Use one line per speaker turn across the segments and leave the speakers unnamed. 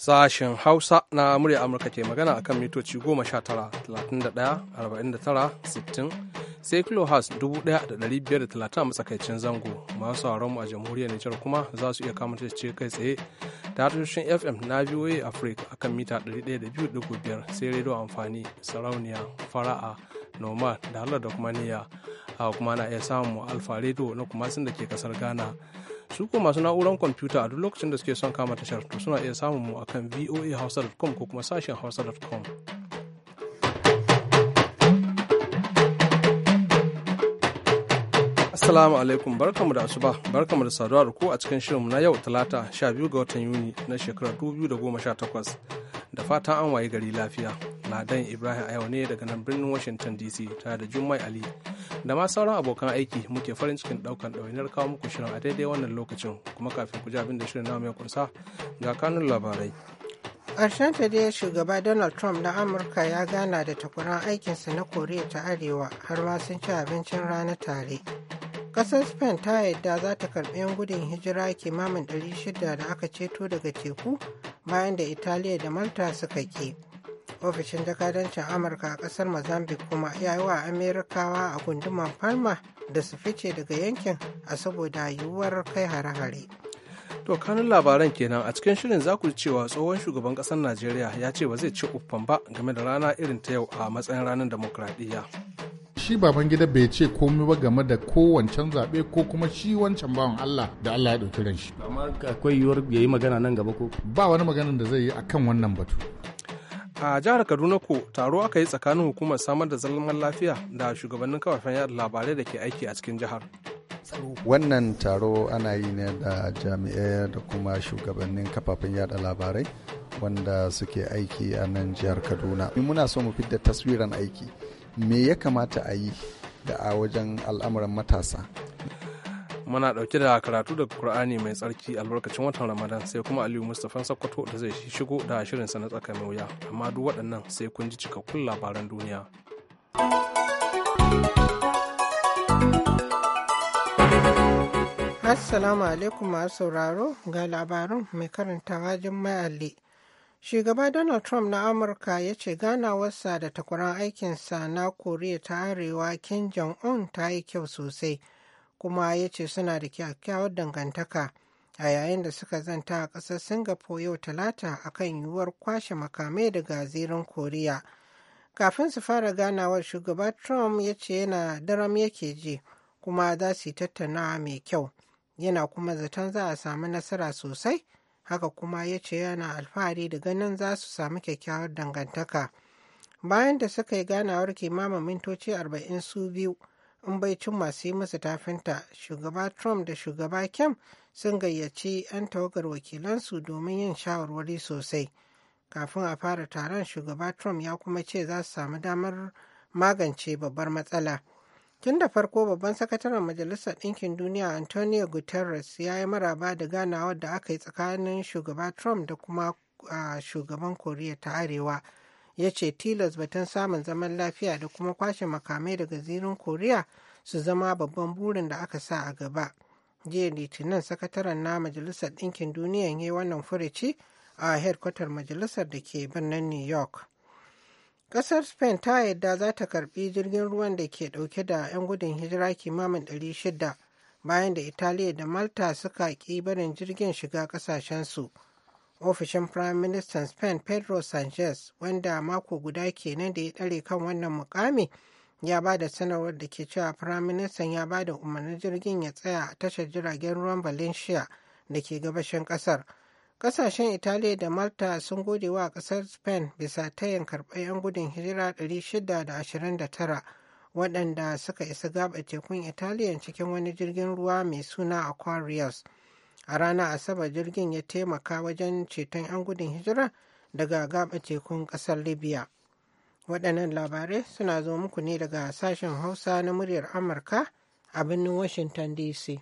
Sashen Hausa na murya Amurka ke magana akan mitoci goma 31 49 60 sai kilohas 1,530 a matsakaicin zango masu sauran mu a jamhuriyar Nijar kuma za su iya kamata ce kai tsaye ta tushen FM na VOA Africa akan mita 102.5 sai rediyo amfani sarauniya fara'a noma da halar da kuma niyya a kuma na iya samun alfa rediyo na kuma sun da ke kasar Ghana su ko masu na'urar kwamfuta a duk lokacin da suke son kama tashar to suna iya samun mu akan voahausa.com ko kuma sashen hausa.com Assalamu alaikum barkamu da asuba barkamu da saduwa da ku a cikin shirinmu na yau talata 12 ga watan Yuni na shekarar 2018 da fatan an waye gari lafiya. Ladan Ibrahim a yau ne daga nan birnin Washington DC tare da Jummai Ali da ma sauran abokan aiki muke farin cikin daukan ɗawainiyar kawo muku shirin a daidai wannan lokacin kuma kafin ku abin da shirin namu ya kunsa ga kanun labarai.
Ƙarshen ta dai shugaba Donald Trump na Amurka ya gana da takwaran aikinsa na Koriya ta Arewa har ma sun ci abincin rana tare. Ƙasar Spain ta yadda za ta karɓi 'yan gudun hijira kimanin 600 da aka ceto daga teku bayan da Italiya da Malta suka ke. ofishin jakadancin amurka a kasar mozambique kuma ya yi wa amerikawa a gunduman palma da su fice daga yankin a saboda yiwuwar kai hare-hare
to kanun labaran kenan a cikin shirin za ku ji cewa tsohon shugaban kasar najeriya ya ce ba zai ci uffan ba game da rana irin ta yau a matsayin ranar demokradiyya
shi baban gida bai ce komai ba game da kowancan zaɓe ko kuma shi wancan bawan Allah da Allah ya ɗauki ran shi. Amma akwai yiwuwar ya magana nan gaba ko? Ba wani maganan da zai yi akan wannan batu.
a jihar kaduna ko taro aka yi tsakanin hukumar samar da zaman lafiya da shugabannin kafafen yada labarai da ke aiki a cikin jihar
wannan taro ana yi ne da jami'ai da kuma shugabannin kafafen yada labarai wanda suke aiki a nan jihar kaduna muna so mu fidda taswiran aiki me ya kamata a yi da a wajen al'amuran matasa
muna ɗauke da karatu daga Kur'ani mai tsarki albarkacin watan Ramadan sai kuma Aliyu Mustapha Sokoto da zai shigo da sa na tsaka wuya. Amma duk waɗannan sai kun ji cikakkun labaran duniya.
Assalamu alaikum masu sauraro ga labarin mai karantawa Jummai Ali. Shugaba Donald Trump na Amurka ya ce ganawarsa da takwaran aikinsa na Koriya ta Arewa Kim Jong-un ta yi kyau sosai. kuma ya ce suna da kyakkyawar dangantaka a yayin da suka zanta a ƙasar singapore yau talata akan yiwuwar kwashe makamai daga zirin koriya kafin su fara ganawar shugaba trump ya ce yana daram yake ji kuma za su yi tattaunawa mai kyau yana kuma zaton za a samu nasara sosai haka kuma ya ce yana alfahari da ganin za su samu kyakkyawar dangantaka bayan da suka yi ganawar kimanin mintoci arba'in su biyu in baicin masu yi masa tafinta shugaba trump da shugaba kim sun gayyaci 'yan tawagar wakilansu domin yin shawarwari sosai kafin a fara taron shugaba trump ya kuma ce za su samu damar magance babbar matsala tun da farko babban sakataren majalisar ɗinkin duniya antonio guterres ya yi maraba da ganawar da aka yi tsakanin shugaba trump da kuma ah, shugaban koriya ta arewa ya ce tilas batun samun zaman lafiya da kuma kwashe makamai daga zirin koriya su zama babban burin da aka sa a gaba jiya litinin sakataren na majalisar ɗinkin duniya ya wannan furici a hedkwatar majalisar da ke birnin new york kasar spain ta yadda za ta karbi jirgin ruwan da ke dauke da 'yan gudun hijira kimamin 600 bayan da italiya da malta suka ki barin jirgin shiga kasashensu. su ofishin prime minister spain pedro sanchez wanda mako guda kenan da ya tsare kan wannan mukami ya ba da sanarwar da ke cewa prime minister ya ba da umarnin jirgin ya tsaya a tashar jiragen ruwan valencia da ke gabashin kasar kasashen italiya da malta sun gode wa kasar spain bisa tayin karɓar 'yan gudun hijira 629 waɗanda suka isa gaba tekun italiya cikin wani jirgin ruwa mai suna aquarius a ranar asabar jirgin ya taimaka wajen ceton 'yan gudun hijira daga gaba tekun ƙasar libya waɗannan labarai suna zo muku ne daga sashen hausa na muryar amurka a birnin washington dc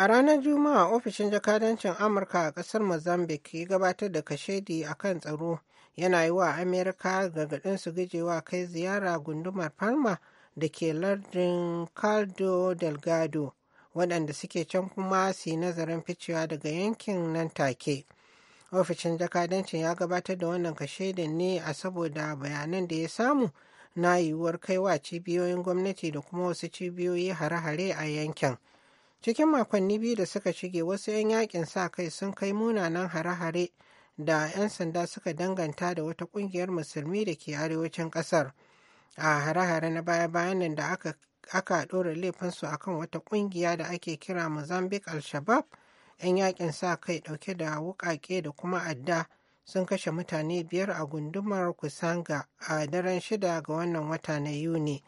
A ranar Juma'a, ofishin jakadancin Amurka a ƙasar Mozambique ya gabatar da kashedi a kan tsaro yana yi wa amerika gargaɗin su gujewa kai ziyara gundumar palma da ke lardin caldo delgado waɗanda suke can kuma su yi nazarin ficewa daga yankin nan take ofishin jakadancin ya gabatar da wannan kashe da ne a saboda bayanan da ya samu na yiwuwar kaiwa cibiyoyin gwamnati da kuma wasu cibiyoyi hare-hare a yankin cikin makonni biyu da suka shige wasu 'yan yakin sa kai sun kai munanan hare-hare da 'yan sanda suka danganta da wata kungiyar musulmi da ke arewacin kasar a hare-hare na baya-bayan nan da aka aka ɗora laifinsu a kan wata ƙungiya da ake kira mozambique Alshabab. 'yan yakin sa kai ɗauke da wuƙaƙe da kuma adda sun kashe mutane biyar a gundumar kusanga a daren shida ga wannan wata na yuni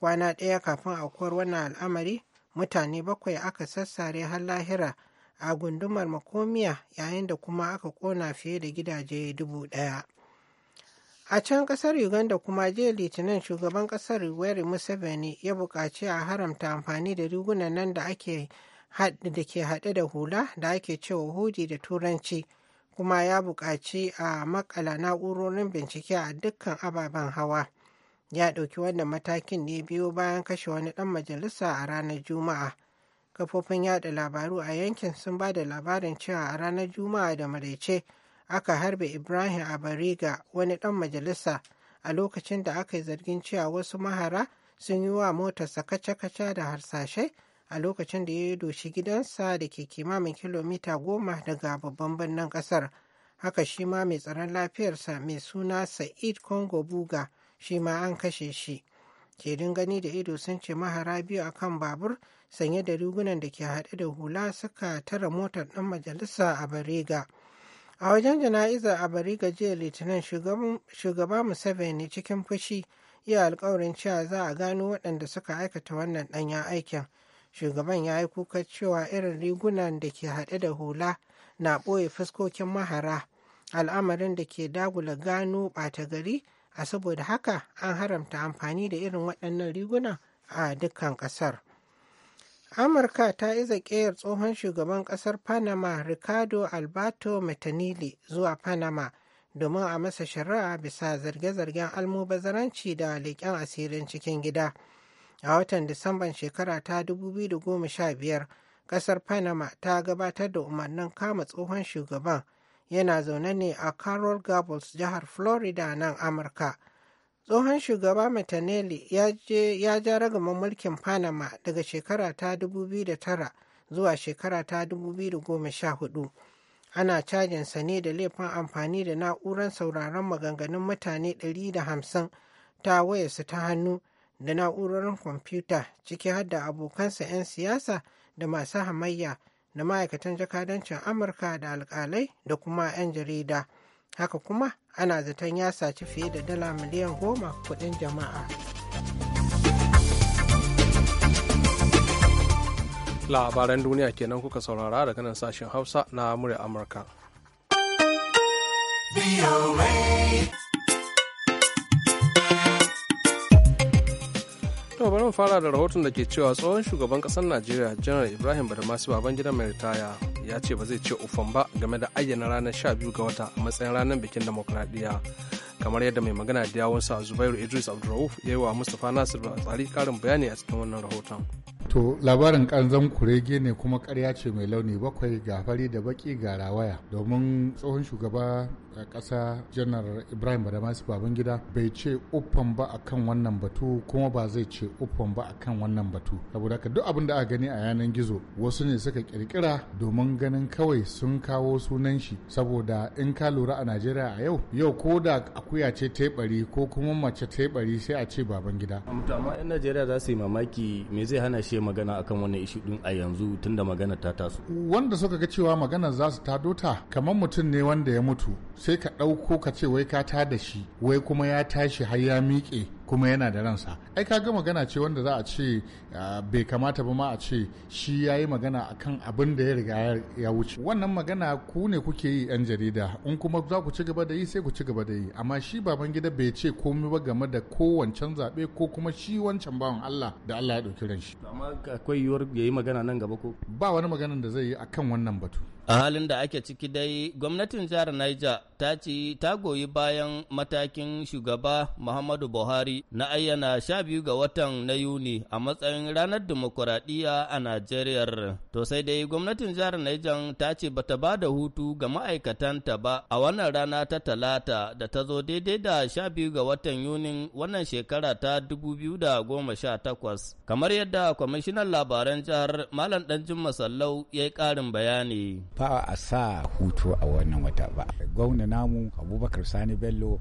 kwana ɗaya kafin aukuwar wannan al'amari mutane bakwai aka sassare har lahira a gundumar makomiya yayin da kuma aka kona fiye da gidaje dubu ɗaya. A can kasar Uganda kuma jiya Litinin shugaban kasar Yoweri Museveni ya buƙaci a haramta amfani da rigunan nan da ake da ke haɗe da hula da ake cewa hudi da turanci kuma ya buƙaci a makala na'urorin bincike a dukkan ababen hawa. Ya ɗauki wannan matakin ne biyu bayan kashe wani ɗan majalisa a ranar Juma'a. kafofin yada labaru a yankin sun ba da labarin cewa a ranar juma'a da maraice aka harbe ibrahim abariga wani dan majalisa a lokacin da aka yi zargin cewa wasu mahara sun yi wa motarsa kaca-kaca da harsashe a lokacin da ya yi doshi gidansa da ke kimamin kilomita goma daga babban birnin kasar haka shi ma mai tsaron lafiyarsa mai suna sa'id Kongo buga shi ma an kashe shi ke gani da ido sun ce mahara biyu a kan babur sanye da rigunan da ke haɗe da hula suka tara motar ɗan majalisa a Bariga. A wajen jana'iza a Bariga jiya Litinin shugaba Museveni cikin fushi ya alkawarin cewa za a gano waɗanda suka aikata wannan ɗanya aikin. Shugaban ya yi kuka cewa irin rigunan da ke haɗe da hula na ɓoye fuskokin mahara al'amarin da ke dagula gano ɓata gari a saboda haka an haramta amfani da irin waɗannan riguna a dukkan ƙasar. amurka ta iza ƙeyar tsohon shugaban ƙasar panama ricardo alberto metanili zuwa panama domin a masa shari'a bisa zarge-zargen almubazaranci da leƙen asirin cikin gida a watan disamban shekara ta 2015 ƙasar panama ta gabatar da umarnin kama tsohon shugaban yana zaune ne a Carol Gables jihar Florida nan Amurka. Tsohon shugaba Metanelli ya ja ragaman mulkin Panama daga shekara ta 2009 zuwa shekara ta 2014. Ana cajinsa ne da laifin amfani da na'urar sauraron maganganun mutane 150 ta wayarsa ta hannu da na'urorin kwamfuta ciki har da abokansa 'yan siyasa da masu hamayya na ma'aikatan jakadancin amurka da alkalai da kuma 'yan jarida haka kuma ana zaton ya saci fiye da dala miliyan goma kudin jama'a
labaran duniya kenan kuka saurara daga nan sashen hausa na murya amurka To bari mu fara da rahoton da ke cewa tsohon shugaban kasar Najeriya Janar Ibrahim Badamasu baban gidan mai ritaya ya ce ba zai ce ufan ba game da ayyana ranar 12 ga wata a matsayin ranar bikin demokradiyya. Kamar yadda mai magana da sa Zubairu Idris abdurrauf ya yi wa Mustapha Nasir da tsari karin bayani a cikin
wannan rahoton. To labarin kanzan kurege ne kuma karya ce mai launi bakwai ga fari da baki ga rawaya domin tsohon shugaba kasa janar ibrahim badamasi babangida bai ce uffan ba akan wannan batu kuma ba zai ce uffan ba akan wannan batu saboda ka duk abin da aka gani a yanar gizo wasu ne suka kirkira domin ganin kawai sun kawo sunan shi saboda in ka lura a najeriya a yau yau ko da akuya ce ta bari ko kuma mace ta bari sai a ce babangida
amma yan najeriya za su yi mamaki me zai hana shi magana akan wannan ishu din a yanzu tunda magana ta taso
wanda suka ga cewa magana za su ta dota kamar mutum ne wanda ya mutu sai ka ɗauko ka ce wai ka ta da shi wai kuma ya tashi har ya miƙe kuma yana da ransa ai ka ga magana ce wanda za a ce bai kamata ba ma a ce shi ya yi magana akan abin da ya riga ya wuce wannan magana ku ne kuke yi yan jarida in kuma za ku ci gaba da yi sai ku ci gaba da yi amma shi baban gida bai ce komai ba game da kowancan zaɓe ko kuma shi wancan bawan Allah da Allah ya ɗauki ran amma akwai yiwuwar ya yi magana nan gaba ko ba wani maganan da zai yi akan wannan batu
a halin da ake ciki dai gwamnatin jihar niger ta ce ta goyi bayan matakin shugaba muhammadu buhari na ayyana sha biyu ga watan na yuni a matsayin ranar dimokuraɗiyya a najeriya to sai dai gwamnatin jihar niger ta ce ba ta ba da hutu ga ma'aikatanta ba a wannan rana ta talata da ta zo daidai da sha biyu ga watan yunin wannan shekara ta dubu biyu da goma sha takwas kamar yadda kwamishinan labaran jihar malam ɗanjin masallau ya yi ƙarin bayani
ba a sa hutu a wannan wata ba gwamna namu abubakar sani bello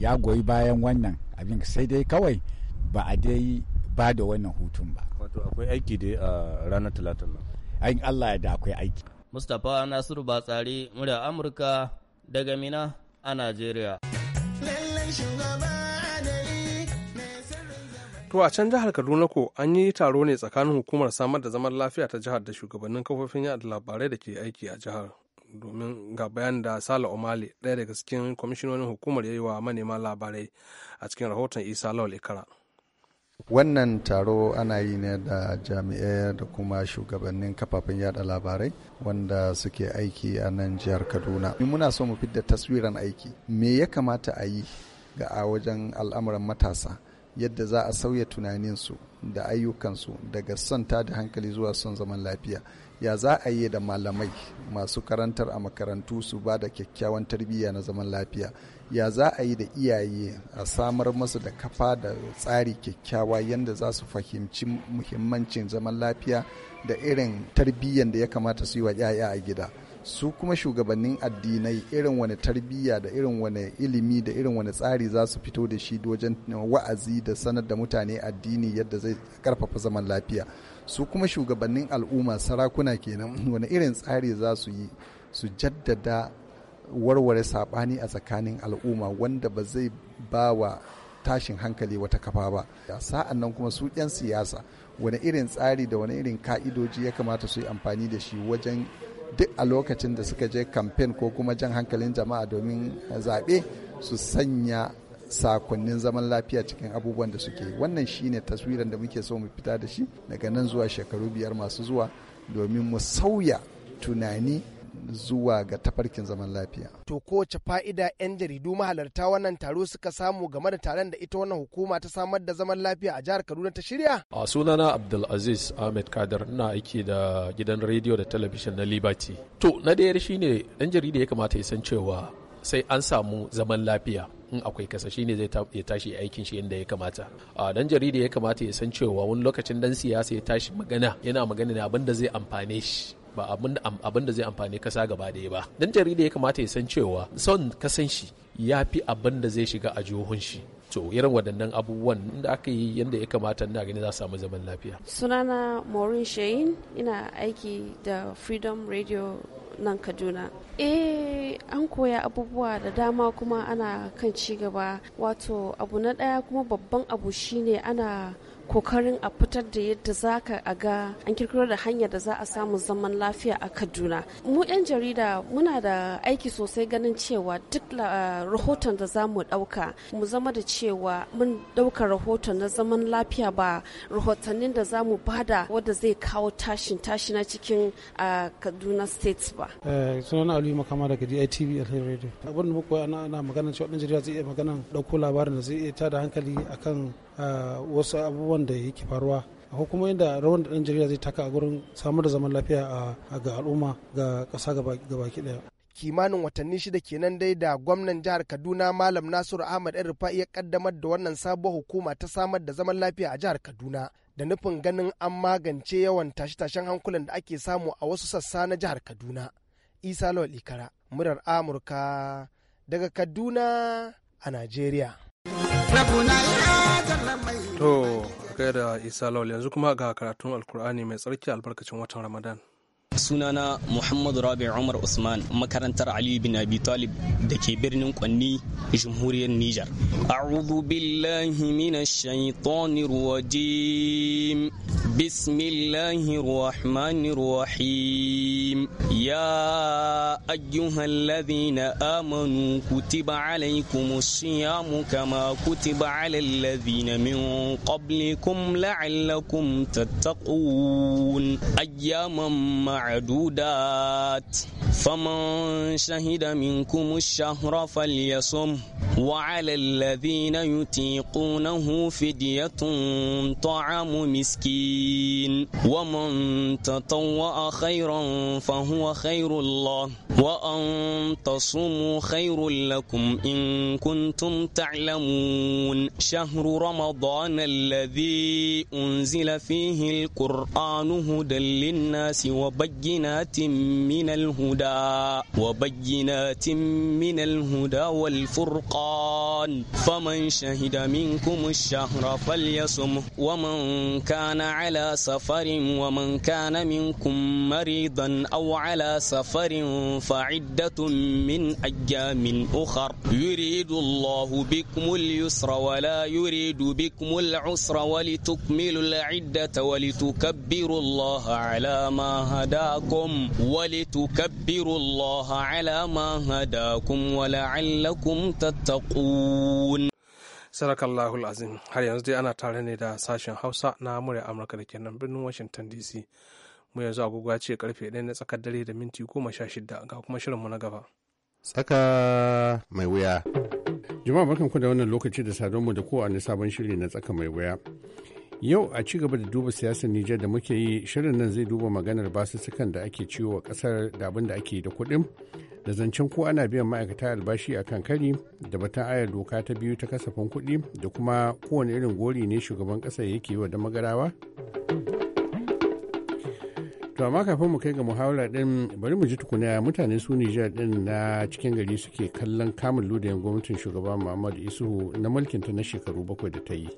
ya goyi bayan wannan abin sai dai kawai ba a dai ba da wannan hutun ba wato
akwai aiki dai a ranar talatin nan
ayin allah ya da akwai aiki
mustapha nasiru batsari murya amurka daga mina a najeriya
To a can jihar Kaduna ko an yi taro ne tsakanin hukumar samar da zaman lafiya ta jihar da shugabannin kafofin yada labarai da ke aiki a jihar domin ga bayan da Sala Omale ɗaya daga cikin kwamishinonin hukumar ya yi wa manema labarai a cikin rahoton Isa Lawal Ikara.
wannan taro ana yi ne da jami'ai da kuma shugabannin kafafen yada labarai wanda suke aiki a nan jihar kaduna muna so mu fidda taswiran aiki me ya kamata a yi ga a wajen al'amuran matasa yadda za a sauya tunaninsu da ayyukansu daga son da hankali zuwa son zaman lafiya ya za a yi da malamai masu karantar a makarantu su ba da kyakkyawan tarbiyya na zaman lafiya ya za a yi da iyaye a samar masu da kafa da tsari kyakkyawa yadda za su fahimci muhimmancin zaman lafiya da irin tarbiyyar da ya kamata su yi wa 'ya'ya a gida su kuma shugabannin addinai irin wani tarbiyya da irin wani ilimi da irin wani tsari za su fito da shi wajen wa'azi da sanar da mutane addini yadda zai karfafa zaman lafiya su kuma shugabannin al'umma sarakuna kenan wani irin tsari za su yi su jaddada warware saɓani a tsakanin al'umma wanda ba zai ba wa tashin hankali wata kafa ba sa'an nan kuma su 'yan siyasa wani irin tsari da wani irin ka'idoji ya kamata su yi amfani da shi wajen duk a lokacin da suka je kamfen ko kuma jan hankalin jama'a domin zaɓe su sanya sakonnin zaman lafiya cikin abubuwan da suke wannan shine taswirin da muke so mu fita da shi daga nan zuwa shekaru biyar masu zuwa domin mu sauya tunani zuwa ga tafarkin zaman lafiya.
To kowace fa'ida 'yan jaridu mahalarta wannan taro suka samu game da taron da ita wannan hukuma ta samar da zaman lafiya a jihar Kaduna ta shirya?
A
sunana Abdulaziz Ahmed Kadar ina aiki da gidan rediyo da talabijin na Liberty. To na shi shine 'yan jarida ya kamata ya san cewa sai an samu zaman lafiya in akwai kasa shine zai ya tashi aikin shi yadda ya kamata a dan jarida ya kamata ya san cewa wani lokacin dan siyasa ya tashi magana yana magana ne abin da zai amfane shi ba abin da zai amfani kasa gaba ɗaya ba dan jarida ya kamata ya san cewa son kasan shi ya fi abin da zai shiga a jihohin shi to irin waɗannan abubuwan da aka yi yadda ya kamata na gani za samu zaman
lafiya
sunana maureen shayin ina aiki da freedom radio
nan kaduna
eh an koya abubuwa da dama kuma ana kan ci gaba wato abu na ɗaya kuma babban abu shine ana kokarin a fitar da yadda za ka a ga an kirkiro da hanyar da za a samu zaman lafiya a kaduna mu 'yan jarida muna da aiki sosai ganin cewa duk ah, rahoton da za mu ɗauka mu zama da cewa mun ɗauka rahoton na zaman lafiya ba rahotannin da za mu bada wadda zai kawo tashin tashina cikin ah, kaduna state ba
eh, sunan aliyu makama daga ditv alheri radio abin da muku ana magana cewa ɗan jarida zai iya magana dauko labarin da zai iya tada hankali akan Eh, wasu abubuwan da yake faruwa ko kuma inda rawan da dan zai taka a gurin samar da zaman lafiya ga al'umma ga ƙasa baki ɗaya.
kimanin watanni shida kenan dai da gwamnan jihar kaduna malam nasiru ahmad yan rufa'i ya kaddamar da wannan sabuwar hukuma ta samar da zaman lafiya a jihar kaduna da nufin ganin an magance yawan tashe-tashen hankulan da ake samu a wasu sassa na jihar kaduna isa lawal ikara murar amurka daga kaduna a najeriya
To, da Isa Lawal yanzu kuma ga karatun Alkur'ani mai tsarki albarkacin watan Ramadan.
sunana muhammadu rabi umar usman makarantar ali bin abi talib da ke birnin kwanni jamhuriyar niger a'udhu billahi minash shaitanir rajim bismillahir rahmanir rahim ya ayyuhalladhina amanu kutiba alaykumus siyamu kama kutiba alal ladhina min qablikum la'allakum tattaqun ayyaman ma'a معدودات فمن شهد منكم الشهر فليصم وعلى الذين يتيقونه فدية طعام مسكين ومن تطوأ خيرا فهو خير الله وأن تصوموا خير لكم إن كنتم تعلمون شهر رمضان الذي أنزل فيه القرآن هدى للناس وبينات من الهدى وبينات من الهدى والفرقان فمن شهد منكم الشهر فليصم ومن كان على سفر ومن كان منكم مريضا أو على سفر فعدة من أيام أخر يريد الله بكم اليسر ولا يريد بكم العسر ولتكملوا العدة ولتكبروا الله على ما هداكم ولتكبروا الله على ما هداكم ولعلكم تتقون
سرك الله العظيم هل يزدي أنا ana دا ساشن da sashen hausa لكي murya amurka دي سي mu yanzu agogo ya ce karfe ɗaya na tsakar dare da minti sha goma shidda ga kuma mu na gaba
tsaka mai wuya jama'a barkan ku da wannan lokaci da sadon mu da kowane sabon shiri na tsaka mai wuya yau a ci gaba da duba siyasar Nijar da muke yi shirin nan zai duba maganar basussukan da ake ciwo wa kasar da abin da ake yi da kuɗin da zancen ko ana biyan ma'aikata albashi a kan kari da batun ayar doka ta biyu ta kasafin kuɗi da kuma kowane irin gori ne shugaban ƙasa yake yi wa da magarawa to amma kafin mu kai ga muhawara din bari mu ji tukuna mutane su Nijar din na cikin gari suke kallon kamun ludayen gwamnatin shugaba Muhammadu Isuhu na mulkin ta na shekaru bakwai da ta yi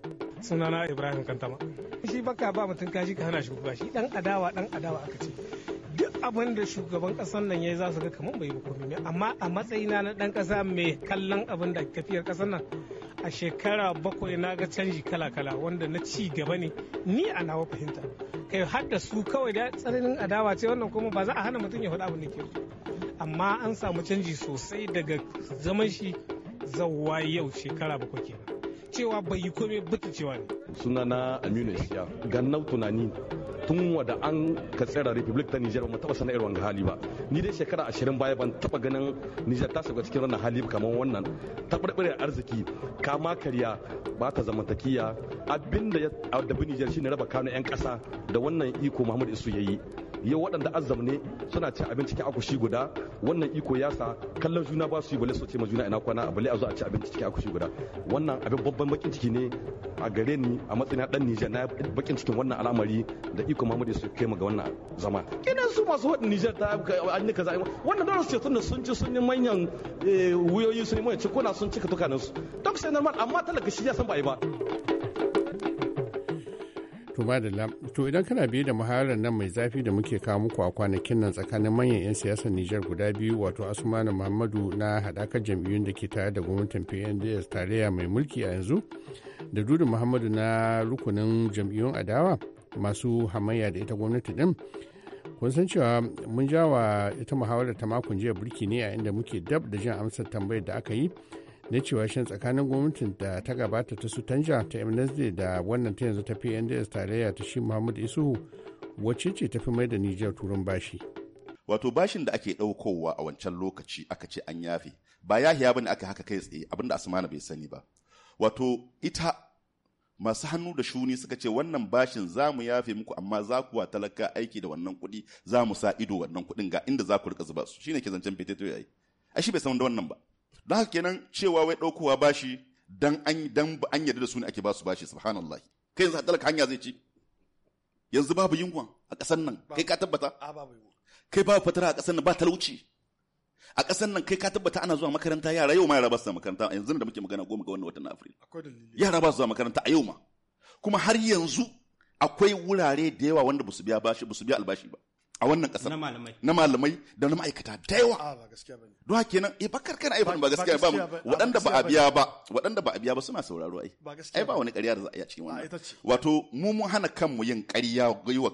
sunana Ibrahim Kantama shi baka ba mutum kashi ka hana shugaba shi dan adawa dan adawa aka ce duk abin da shugaban kasan nan ya yi za su ga kamar bai yi amma a matsayina na dan kasa mai kallon abin da tafiyar kasan nan a shekara bakwai na ga canji kala-kala wanda na ci gaba ne ni a nawa fahimta kai har su kawai da tsananin adawa ce wannan kuma ba za a hana mutum ya faɗa abin da ke amma an samu canji sosai daga zaman shi zawwa yau shekara bakwai kenan cewa bai yi komai bata cewa ne
Suna na aminu isiya ganna tunani tun wada an katsira republic ta nijar ba mu taɓa sanar irin hali ba ni dai shekara ashirin baya ban taba ganin nijar ta shiga cikin wannan hali kamar wannan taɓarɓarar arziki kama karya ba ta zamantakiya abinda ya adabi nijar shine raba kano 'yan ƙasa da wannan iko muhammad isu ya yi yau waɗanda azzam ne suna cin abinci cikin akushi guda wannan iko ya sa kallon juna ba su yi bale su ce ma juna ina kwana bale a zo a ci abinci cikin akushi guda wannan abin babban bakin ciki ne a gare ni a matsayin dan Nijar na bakin cikin wannan al'amari da iko Muhammadu su kai mu ga wannan zama kidan su masu wadin Nijar ta an ni kaza wannan dole su ce tunda sun ci sun yi manyan eh, wuyoyi sun yi manyan cikuna sun cika tukanin su duk sai normal amma talaka shi ya san ba yi ba
To madalla, to idan kana biye da muhawarar nan mai zafi da muke kawo muku a kwanakin nan tsakanin manyan 'yan siyasar Nijar guda biyu wato Asmanu Muhammadu na hadakar jam'iyyun da ke tare da gwamnatin PNDS tarayya mai mulki a yanzu da Dudu Muhammadu na rukunin jam'iyyun adawa masu hamayya da ita gwamnati din. kun san cewa mun jawa ita muhawarar ta makon jiya birki ne a inda muke dab da jin amsar tambayar da aka yi na cewa shan tsakanin gwamnatin da ta gabata ta su tanja ta mnsd da wannan ta yanzu ta pnds tarayya ta shi muhammad isuhu wacce ce ta fi mai da nijar turan bashi
wato bashin da ake ɗaukowa a wancan lokaci aka ce an yafe ba ya yahiya ne aka haka kai tsaye abinda asmana bai sani ba wato ita masu hannu da shuni suka ce wannan bashin za mu yafe muku amma za ku wa talaka aiki da wannan kuɗi za mu sa ido wannan kuɗin ga inda za ku rika zuba su shine ke zancen fete yayi ai shi bai san da wannan ba da haka kenan cewa wai ɗaukowa bashi dan an dan an yarda da su ne ake ba su bashi subhanallah kai yanzu talaka hanya zai ci yanzu babu yunwa a ƙasar nan kai ka tabbata kai babu fatara a ƙasar nan ba talauci a ƙasar nan kai ka tabbata ana zuwa makaranta yara yau ma yara ba su makaranta yanzu da muke magana goma ga wannan watan afril yara ba su zuwa makaranta a yau ma kuma har yanzu akwai wurare da yawa wanda ba su biya bashi ba su biya albashi ba a wannan kasar na malamai da na ma'aikata da yawa don haka kenan eh bakar kana ai ba gaskiya ba waɗanda ba a biya ba waɗanda ba a biya ba suna sauraro ai ai ba wani ƙarya da za a a cikin wannan wato mu mun hana kanmu yin ƙarya yi wa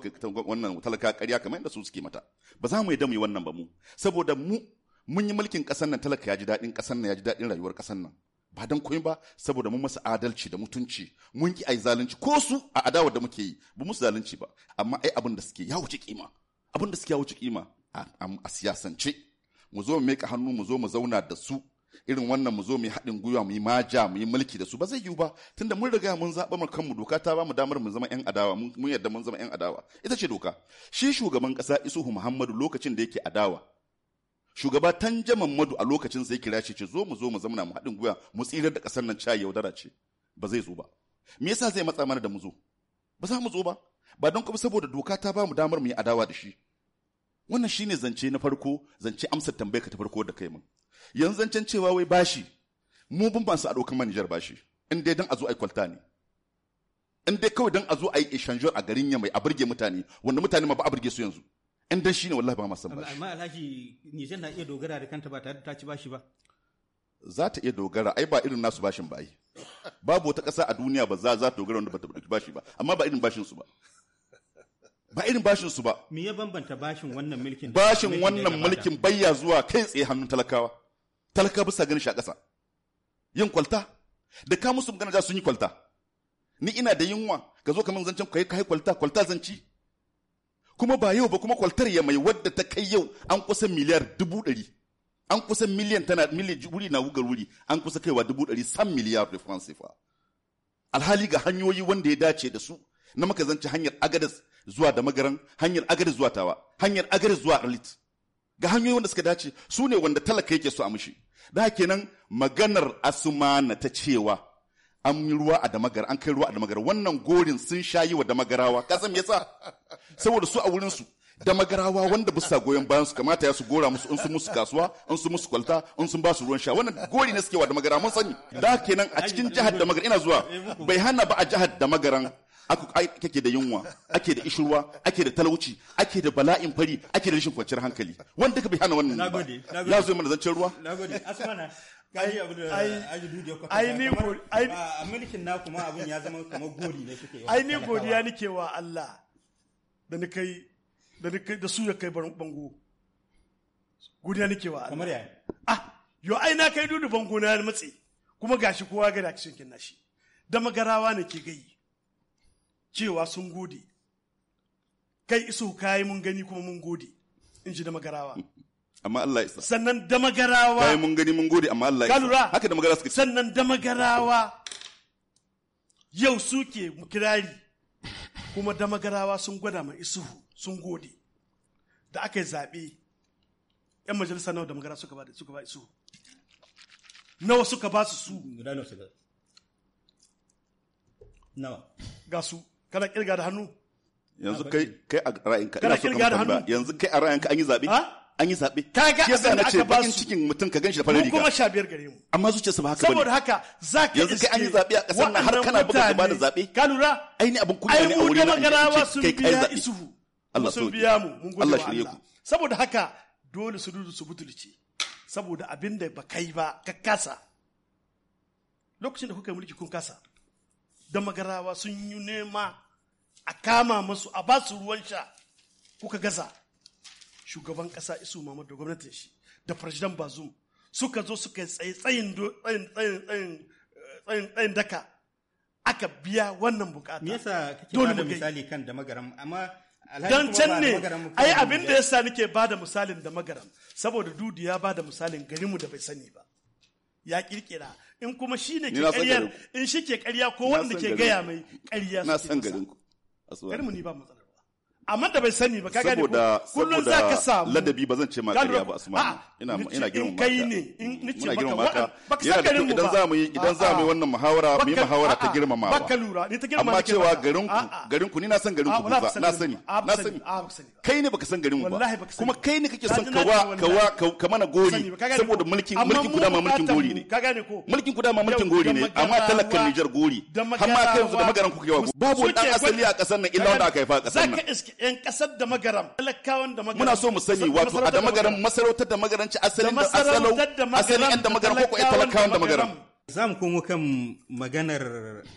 wannan talaka ƙarya kamar yadda su suke mata ba za mu yi da mu yi wannan ba mu saboda mu mun yi mulkin ƙasar nan talaka ya ji daɗin ƙasar nan ya ji daɗin rayuwar ƙasar nan ba don koyi ba saboda mun masa adalci da mutunci mun ki ai zalunci ko su a adawar da muke yi ba musu zalunci ba amma ai abin da suke ya wuce kima abin da suke wuce kima a siyasance mu zo mu meka hannu mu zo mu zauna da su irin wannan mu zo mu yi haɗin gwiwa mu yi maja mu yi mulki da su ba zai yiwu ba tunda mun riga mun zaɓa mu kanmu doka ta ba mu damar mu zama 'yan adawa mun yarda mun zama 'yan adawa ita ce doka shi shugaban ƙasa isuhu muhammadu lokacin da yake adawa shugaba tanja madu a lokacin sai kira shi ce zo mu zo mu zauna mu haɗin gwiwa mu tsira da ƙasar nan ca yaudara ce ba zai zo ba me yasa zai matsa mana da mu zo ba za mu zo ba ba don kuma saboda doka ta ba mu damar mu yi adawa da shi wannan shine zance na farko zance amsar tambayarka ka ta farko da kai mun yanzu zancen cewa wai bashi mu bin ban su a ɗaukar manajar bashi in dai dan a zo ai kwalta ne in dai kawai dan a zo a yi ishanjor a garin ya mai a burge mutane wanda mutane ma ba a burge su yanzu in dai shine wallahi ba ma san
bashi amma alhaji Nijar na iya dogara da kanta ba tare da ta ci bashi ba
za ta iya dogara ai ba irin nasu bashin ba ai babu wata ƙasa a duniya ba za za ta dogara wanda ba ta bashi ba amma ba irin bashin su ba ba irin bashin su ba
me ya bambanta bashin wannan mulkin bashin wannan mulkin
bayya zuwa kai tsaye hannun talakawa talaka bisa ganin shi a ƙasa yin kwalta da ka musu magana sun yi kwalta ni ina da yunwa ka zo kamar zancen kai kai kwalta kwalta zanci kuma ba yau ba kuma kwaltar ya mai wadda ta kai yau an kusan miliyar dubu ɗari an kusan miliyan tana miliyan wuri na wugar wuri an kusa kaiwa dubu ɗari san miliyar da francs alhali ga hanyoyi wanda ya dace da su na muka zance hanyar agadas zuwa da magaran hanyar agadas zuwa tawa hanyar agadas zuwa arlit ga hanyoyi wanda suka dace su ne wanda talaka yake so a mushi da kenan maganar asumana ta cewa an yi ruwa a damagar an kai ruwa a damagar wannan gorin sun shayi wa damagarawa ka san me yasa saboda su a wurin su damagarawa wanda bisa goyon bayan su kamata ya su gora musu in su musu kasuwa in su musu kwalta in sun ba su ruwan sha wannan gori ne suke wa damagara mun sani da kenan a cikin jihar damagara ina zuwa bai hana ba a jihar damagaran ake da yunwa ake da ishirwa ake da talauci ake da bala'in fari ake da rashin kwanciyar hankali wanda ka bi hana wannan ba ya zo mana zancen ruwa
ai ni godiya nake wa Allah
da ni kai da ni kai da su ya kai bango godiya nake wa Allah kamar yaya ah yo ai na kai dudu bango na matsi kuma gashi kowa ga da cikin nashi da magarawa ne ke gai cewa sun gode kai iso kayi mun gani kuma mun gode in ji da magarawa
amma Allah ya sannan da magarawa kayi mun gani mun gode amma Allah ya sa haka da magarawa suke sannan da magarawa
yau suke kirari kuma da magarawa sun gwada ma isuhu sun gode da aka yi zaɓe yan majalisa nawa da magarawa suka ba suka ba isuhu nawa suka ba su su nawa ga su kana kirga da hannu
yanzu kai kai a ra'ayin ka ina so ka hannu yanzu kai a ra'ayin ka an yi zabe an yi zabe kaga yasa na ce bakin cikin mutum ka ganshi da fara riga kuma sha biyar gare mu amma zuciyarsa ba haka bane saboda haka zaka yanzu kai an yi zabe a kasar nan har kana buga gaba da zabe ka lura ai ni abin kunya ne a wurin nan sun biya
isuhu Allah sun biya mu mun gode wa Allah saboda haka dole su dudu su butulce saboda abin da ba kai ba ka kasa lokacin da kuka yi mulki kun kasa da magarawa sun yi nema a kama masu a ba su ruwan sha kuka gaza shugaban ƙasa isu mamadu da gwamnatin shi da farjidan bazum suka zo suka yi tsayin tsayin daka aka biya wannan bukata. dole yasa kake da misali kan da magaram amma
Don can ne, ai abin da
yasa nake ba da misalin da magaram, saboda dudu ya ba da misalin garinmu da bai sani ba. Ya kirkira, in kuma shi ne ke ƙarya, in shi ke ƙarya ko wanda ke gaya mai
ƙarya su ke Achso. Kenne man die
amma da bai sani ba kaga saboda kullun za ka samu ladabi ba
zan ce ma ƙarya ba asma ah, ina ina girma maka kai ne ni ce maka ba ka sani mu idan za mu yi idan za mu yi ah, ah. wannan muhawara mu yi muhawara ta ma ba ka lura ni ta girmama amma cewa garin ku garin ku ni na san garin ku ba na sani na sani kai ne baka san garin mu ba kuma kai ne kake son kawa kawa ka mana gori saboda mulkin mulkin ku dama mulkin gori ne kaga ne ko mulkin ku dama mulkin gori ne amma talakan Niger gori har ma kai yanzu da magaran ku wa. babu dan asali a kasar nan illa wanda aka haifa
a kasar nan 'yan kasar da magaram talakawan da magaram muna so mu sani wato a da magaram masarautar
da magaram ci asalin da asalau asalin 'yan da magaram ko ko talakawan da magaram
za mu komo kan maganar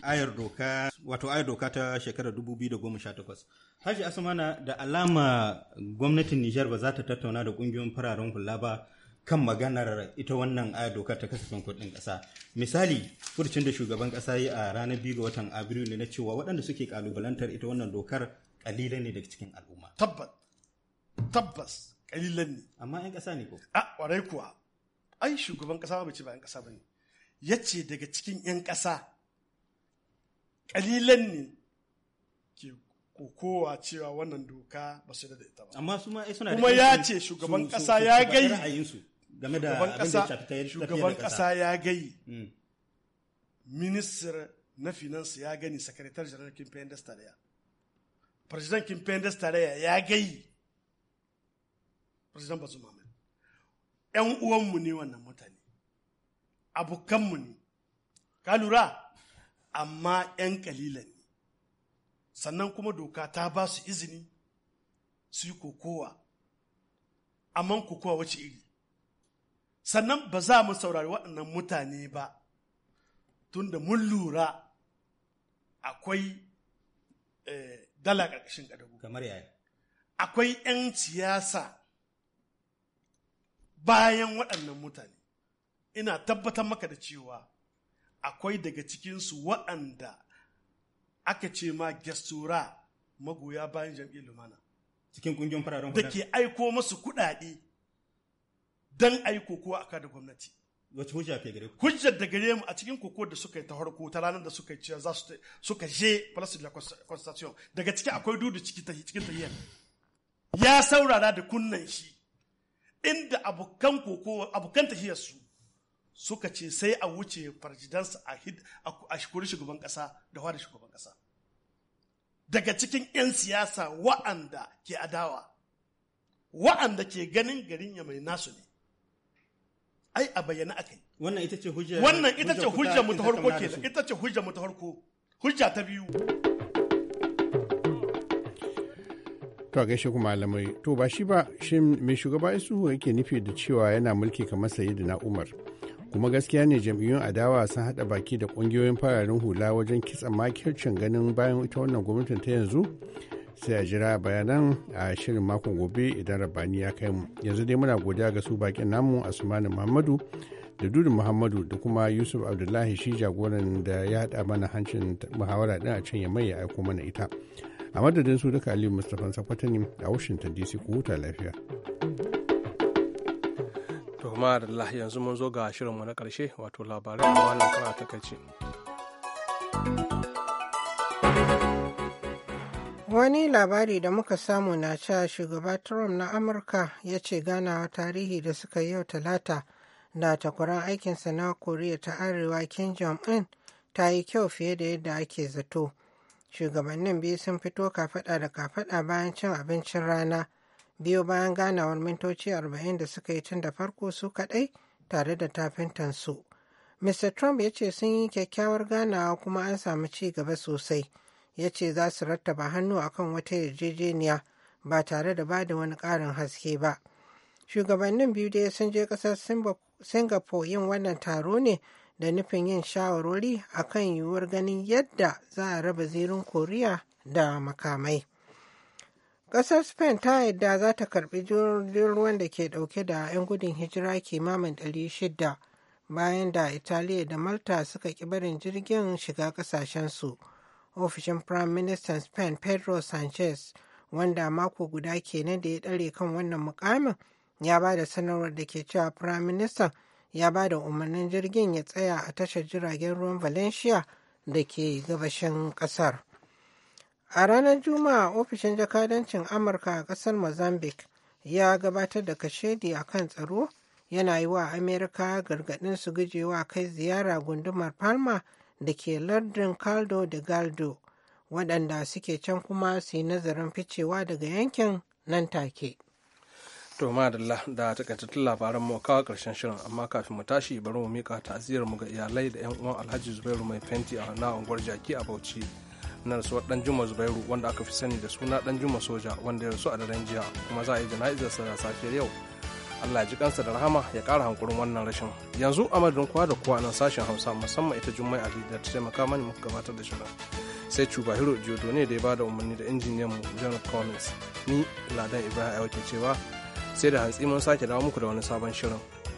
ayar doka wato ayar doka ta shekarar 2018 haji asmana da alama gwamnatin nijar ba za ta tattauna da kungiyoyin fararen hula ba kan maganar ita wannan ayar doka ta kasafin kuɗin ƙasa misali furcin da shugaban ƙasa yi a ranar biyu ga watan ne na cewa waɗanda suke kalubalantar ita wannan dokar kalilan ne daga cikin al'umma tabbas tabbas kalilan ne amma yan ƙasa ne ko
a warai kuwa ai shugaban ƙasa ba ce ba yan ne. bane ce daga cikin yan ƙasa. kalilan ne ke kowa cewa wannan doka ba su da ita ba
amma su ma suna kuma ya ce shugaban ƙasa ya gai
game mm. da abin da shafi shugaban ƙasa ya gai minister na finance ya gani sakaritar janar kimfe da ya president kimpendes tarayya ya gai president basu mamu yan uwanmu ne wannan mutane abokanmu ne ka lura amma yan kalilan ne sannan kuma doka ta ba su izini su yi kokowa amma kokowa wace iri sannan ba za mu saurari waɗannan mutane ba tunda mun lura akwai eh, dala ƙarƙashin ƙadabu. Kamar yaya. Akwai 'yan siyasa bayan waɗannan mutane, ina tabbatar maka da cewa akwai daga cikinsu waɗanda aka ce ma gestura magoya bayan jam'iyyar lumana.
Cikin ƙungiyar fararen Da ke
aiko masu kuɗaɗe don aiko ko aka da gwamnati.
wace hujja ke gare ku
hujjar da gare mu a cikin koko da suka yi ta harko ta ranar da suka ce za su suka je Palestine la Constitution daga ciki akwai dudu ciki ta cikin tahiyar ya saurara da kunnan shi inda abokan koko abokan ta su suka ce sai a wuce farjidansa a hid a shikuri shugaban kasa da hwada shugaban kasa daga cikin 'yan siyasa wa'anda ke adawa wa'anda ke ganin garin ya mai nasu ne
ai a bayyana kai. wannan ita ce hujja wannan ita ce hujja mu ta farko
ita ce hujja mu ta farko hujja ta biyu
to gaishe kuma malamai to ba shi ba shin mai shugaba isu yake nufi da cewa yana mulki kamar sayyidina umar kuma gaskiya ne jam'iyyun adawa sun hada baki da ƙungiyoyin fararen hula wajen kitsa makircin ganin bayan ita wannan gwamnatin ta yanzu sai a jira bayanan a shirin makon gobe idan rabani ya kai mu yanzu dai muna godiya ga su bakin namu asmanu muhammadu da dudu muhammadu da kuma yusuf abdullahi shi jagoran da ya haɗa mana hancin muhawara din a can ya mai ya aiko mana ita a madadin su duka aliyu mustapha sakwatani a washington dc ku huta lafiya
to da yanzu mun zo ga shirinmu na karshe wato labarai a wannan kana takaice
Wani labari da muka samu na cewa shugaba Trump na Amurka ya ce ganawa tarihi da suka yau talata da takwaran aikinsa na Koriya ta Arewa Kim Jong-un ta yi kyau fiye da yadda ake zato. Shugabannin biyu sun fito kafaɗa da kafaɗa bayan cin abincin rana biyu bayan ganawar mintoci 40 da suka yi tun da farko su kadai tare da tafintansu. Mr. Trump ya ce sun yi kyakkyawar ganawa kuma an samu ci gaba sosai. ya ce za su rattaba hannu akan wata yarjejeniya ba tare da bada wani ƙarin haske ba shugabannin biyu da ya sun je ƙasar singapore yin wannan taro ne da nufin yin shawarwari kan yiwuwar ganin yadda za a raba zirin koriya da makamai ƙasar spain ta yadda za ta karbi jirgin ruwan da ke ɗauke da 'yan gudun hijira kimamin 600 bayan da italiya da malta suka ƙi barin jirgin shiga ƙasashensu. su ofishin Prime Minister Spain Pedro Sanchez wanda mako guda kenan da ya ɗare kan wannan mukamin ya ba da sanarwar da ke cewa Prime Minister ya ba da umarnin jirgin ya tsaya a tashar jiragen ruwan Valencia da ke gabashin ƙasar. A ranar Juma'a ofishin jakadancin Amurka a ƙasar Mozambique ya gabatar da kashedi a kan tsaro yana yi wa Amerika gargaɗin su gujewa kai ziyara gundumar Palma da ke lardin caldo da galdo waɗanda suke can kuma su yi nazarin ficewa daga yankin nan take.
To madalla da takaitattun labaran mu kawo karshen shirin amma kafin mu tashi bari mu mika ta'aziyar mu ga iyalai da yan uwan Alhaji Zubairu mai fenti a na unguwar Jaki a Bauchi na rasuwar dan Juma Zubairu wanda aka fi sani da suna dan Juma Soja wanda ya rasu a daren jiya kuma za a yi jana'izar sa safiyar yau Allah ji kansa da rahama ya kara hankurin wannan rashin yanzu a madadin kowa da kowa nan sashen hausa musamman ita jummai ali da ta taimaka mani muka gabatar da shirin sai cuba hiro jiyoto ne da ya bada umarni da injiniyan mu john collins ni ladan ibrahim ke cewa sai da hantsi mun sake dawo muku da wani sabon shirin